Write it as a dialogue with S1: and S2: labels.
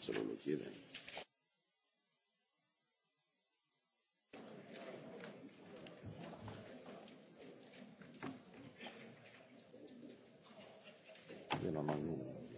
S1: solo lo quieren.
S2: Io non ho nulla.